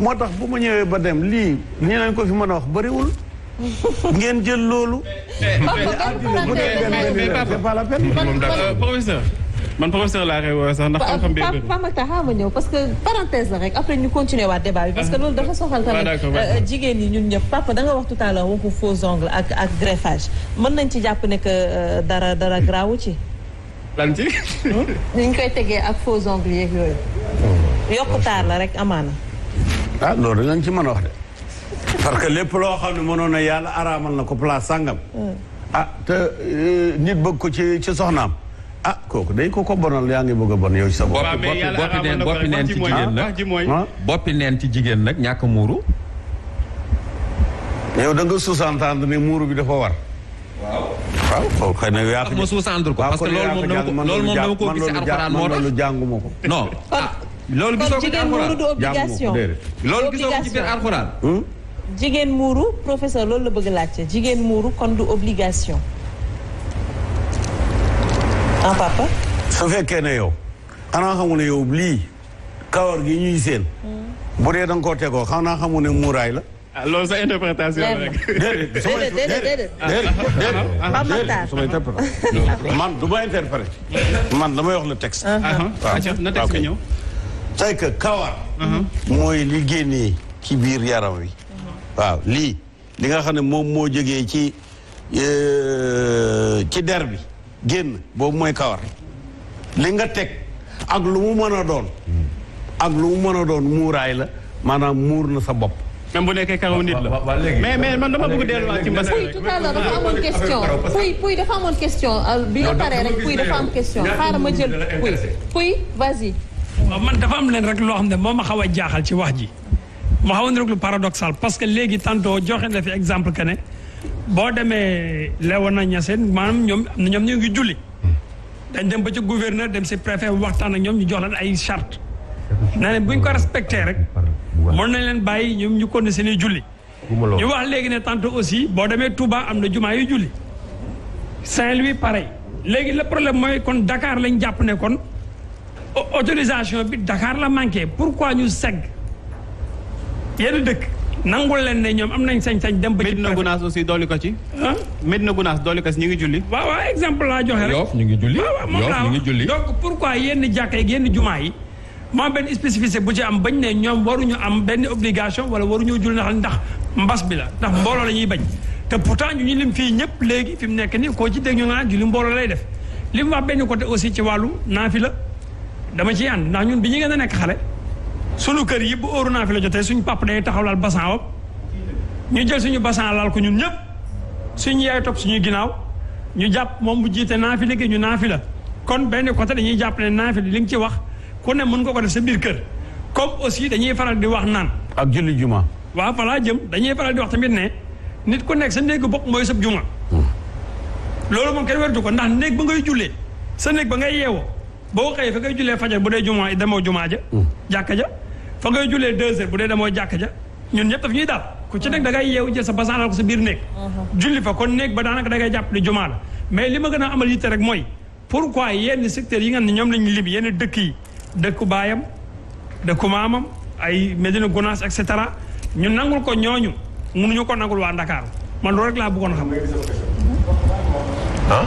moo tax bu mu ñëwee ba dem lii nii lañ ko fi mën a wax bëriwul. ngeen jël loolu. mais euh, professeur. man professeur laa koy woowee sax ndax xam-xam bee bëri. Pape Makhtar xaaral ma ñëw que parenthèse la rek après ñu continuer waat débat bi. parce que loolu dafa soxal tamit ah, euh, jigéen yi ñun ñëpp. Papa da nga wax tout à waxu faux ongles ak ak greffage mën nañ ci jàpp ne que euh, dara dara graawu ci. lan ci. Hmm? ni koy tegee ak faux ongles yeeg yooyu. yokku taar la rek amaana. ah loolu lañ ci mën a wax de parce que lépp loo xam ne mënoon na yàlla araamal na ko place sàngam hmm. ah te eh, nit bëgg ko ci ci soxnaam ah kooku day ko ko bonal yaa ngi bëgg a bon yow ci sa bopp boppi neen boppi neen ci jigéen nag boppi neen ci jigéen nag ñàkk muuru yow da nga sous-entendre ne muuru bi dafa war waaw waaw foofu xëy na yaa ma sous-entendre ko parce que loolu moom dama ko loolu moom dama ko gis ci alxuraan moo tax jànguma ko non ah. loolu gisoo ko ci alxuraan du obligation loolu gisoo ko ci biir hmm? jigéen muuru professeur loolu la bëgg laajte jigéen muuru kon du obligation ah papa su fekkee ne yow xanaa xamu ne yow lii kawar gi ñuy seen hmm. bu dee da nga koo tegoo xanaa xamu ne muuraay la ah loolu sa interprétation la déedéet déedéet déedéet man du ma interprété man damay wax le texte. Ah, ah. Ah, waaw na texte ñëw. c'est que kawar mooy li génnee ci biir yaram wi waaw lii li nga xam ne moom moo jógee ci ci der bi génn boobu mooy kawar li nga teg ak lu mu mën a doon ak lu mu mën a doon muuraay la maanaam muur na sa bopp même bu nekkee karaw nit la mais mais man dama bëgg delluwaat ci mbas. puy tout à l'heure dafa amoon question puy puy dafa amoon question bi nga paree rek puy dafa am question xaaral ma jël puy puy vas-y waaw man dafa am leen rek loo xam ne moo ma xaw a jaaxal ci wax ji ma xawoon rek lu paradoxal parce que léegi tantôt joxe na fi exemple que boo demee Léona Niassène maanaam ñoom ñoom ñu ngi julli dañ dem ba ci gouverneur dem si préfet waxtaan ak ñoom ñu jox leen ay charte na ne buñ ko respecté rek mën nañ leen bàyyi ñoom ñu continuer seen julli ñu wax léegi ne tantôt aussi boo demee Touba am na jumaa yu julli Saint-Louis pareil léegi la problème mooy kon Dakar lañ jàpp ne kon autorisation bi dakaar la manqué pourquoi ñu segg yenn dëkk nangul leen ne ñoom am nañ sañ-sañ dem ba ci Medina Gounass aussi dooli ko ci ah Medina Gounass dooli ñu ngi julli waaw waaw exemple laa ñu ngi julli waaw moom laa wax donc pourquoi yenn jàkka yi yenn jumaa yi bu ci am bañ ne ñoom waruñu am benn obligation wala waruñu julli ndax mbas bi la ndax mbooloo la ñuy bañ te pourtant ñu ñu fii ñëpp léegi fi mu nekk nii koo ci dégg ñu naan julli mbooloo lay def li mu wax benn côté aussi ci wàllu la dama ciy ànd ndax ñun bi ñu gën a nekk xale sunu kër yi bu óoru naa fi la jotee suñu pàpp day taxaw laal basan wop ñu jël suñu basan laal ko ñun ñëpp suñu yaay topp suñu ginnaaw ñu jàpp moom mu jiite naa fi liggéey ñu naa fi la kon benn côté dañuy jàpp ne naa fi li nga ci wax ku ne mun nga ko def sa biir kër comme aussi dañuy faral di wax naan ak julli juma waaw falaa jëm dañuy faral di wax tamit ne nit ku nekk sa néegu bopp mooy sab juma hmm. loolu moom kenn wertu ko ndax néeg ba ngay jullee sa néeg ba ngay yeewoo boo xëyee fa ngay jullee fajar bu dee jumaa demoo jumaa ja hmm. jàkk ja fa ngay jullee deux heures bu dee demoo jàkka ja ñun ñëpp daf ñuy daal ku ci nekk dangay ngay yeewu jël sa basaanal ko sa biir néeg uh-huh. julli fa ko néeg ba daanaka da ngay jàpp ni jumaa la mais li ma gën a amal yitte rek mooy pourquoi yenn secteurs yi nga ne ñoom la ñu lim yenn dëkk yi dëkku baayam dëkku maamam ay Medina Gounass et cetera ñu nangul ko ñooñu mënuñu ko nangul waa Ndakaar man loolu rek laa bëggoon xam ah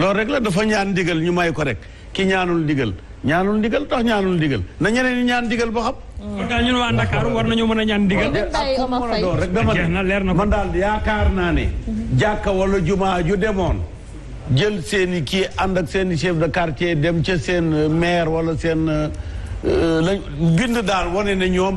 loolu rek la dafa ñaan ndigal ñu may ko rek ki ñaanul ndigal ñaanul ndigal tax ñaanul ndigal na ñeneen ñi ñaan ndigal boo xam. kon daal ñun waa Dakar war nañoo mën a ñaan ndigal. waaw rek leer na man daal yaakaar naa ne. jàkka wala jumaa ju demoon. jël seeni kii ànd ak seen i chef de quartier dem ca seen maire wala seen euh, lañ bind daal wane ne ñoom.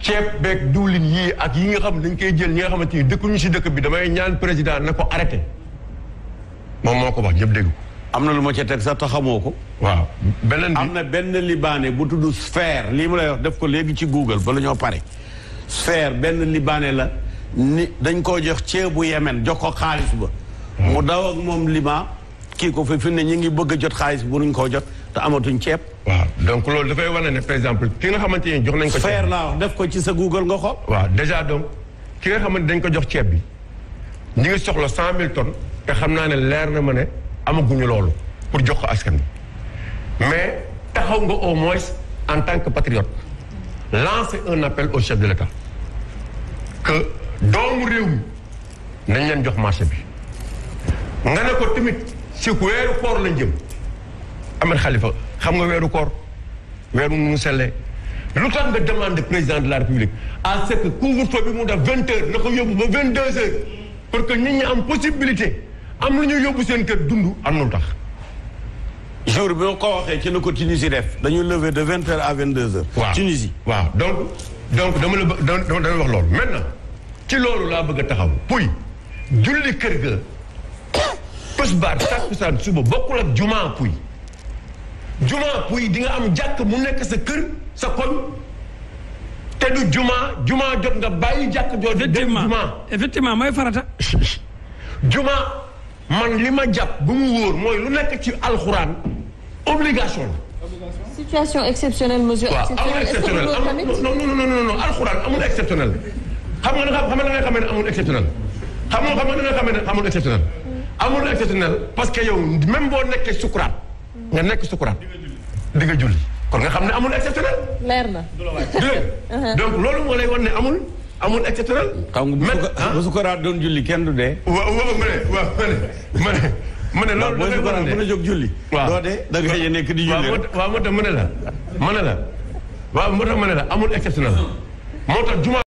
ceeb beeg diwlin yii ak yi nga xam dañ koy jël ñi nga xamante ni dëkkuñu si dëkk bi damay ñaan président na ko arrêté moom moo ko wax ñëpp dégg am na lu ma ca teg sax te ko. waaw beneen bi na benn libaane bu tudd Sphère lii mu lay wax def ko léegi ci Google ba ñoo pare. Sphère benn libaane la ni dañ koo jox ceebu Yemen jox ko xaalis ba. mu daw ak moom lima kii ko fi fi ne ñu ngi bëgg a jot xaalis bunuñ ko jot te amatuñ ceeb. waaw donc loolu dafay wane ne par exemple ki nga xamante ne jox nañ ko. ceeb laa wax def ko ci sa Google nga xool. waaw déjà donc ki nga xamante dañ ko jox ceeb bi ñu ngi soxla cent mille tonnes te xam naa ne leer na ma ne amaguñu loolu pour jox ko askan bi mais taxaw nga au moins en tant que patriote lancer un appel au chef de l'État que doomu réew mi nañ leen jox marché bi nga ne ko tamit. ci wéeru koor lañ jëm amar Khalifa, xam nga wéeru koor wéeru nu selle lu tax nga demande président de la république à ce que couvre bi mu def 20 heures na ko yóbbu ba 22 heures pour que nit ñi am possibilité am lu ñuy yóbbu seen kër dund am na lu tax jour bi ko waxee ci na Tunisie def dañu lever de 20 heures à 22 heures. waaw Tunisie. waaw donc donc dama la dama wax loolu maintenant ci loolu laa bëgg a taxaw puy julli kër ga tisbaar takkusaan suba bokk ak jumaa puy jumaa puy di nga am jàkk mu nekk sa kër sa koñ te du jumaa jumaa jot nga bàyyi jàkk jooju dem jumaa effectivement mooy farata jumaa man li ma jàpp bu mu wóor mooy lu nekk ci alxuraan obligation la situation exceptionnelle mesure exceptionnelle non non non non alxuraan amul exceptionnel xam nga xam nga da nga xamee ne amul exceptionnel xam nga xam nga da nga xamee ne amul exceptionnel amul exceptionnel parce que yow même boo nekkee sukuraat. nga nekk sukuraat. di nga julli kon nga xam ne amul exceptionnel. leer na uh-huh. donc loolu moo lay wan ne amul. amul exceptionnel. xam nga ah? bu sukuraat doon julli kenn du dee. waaw waaw ne waaw ma ne ma ne loolu da ngay a dee a ma ne la waa ne la waaw moo ma ne la amul exceptionnel moo tax juma.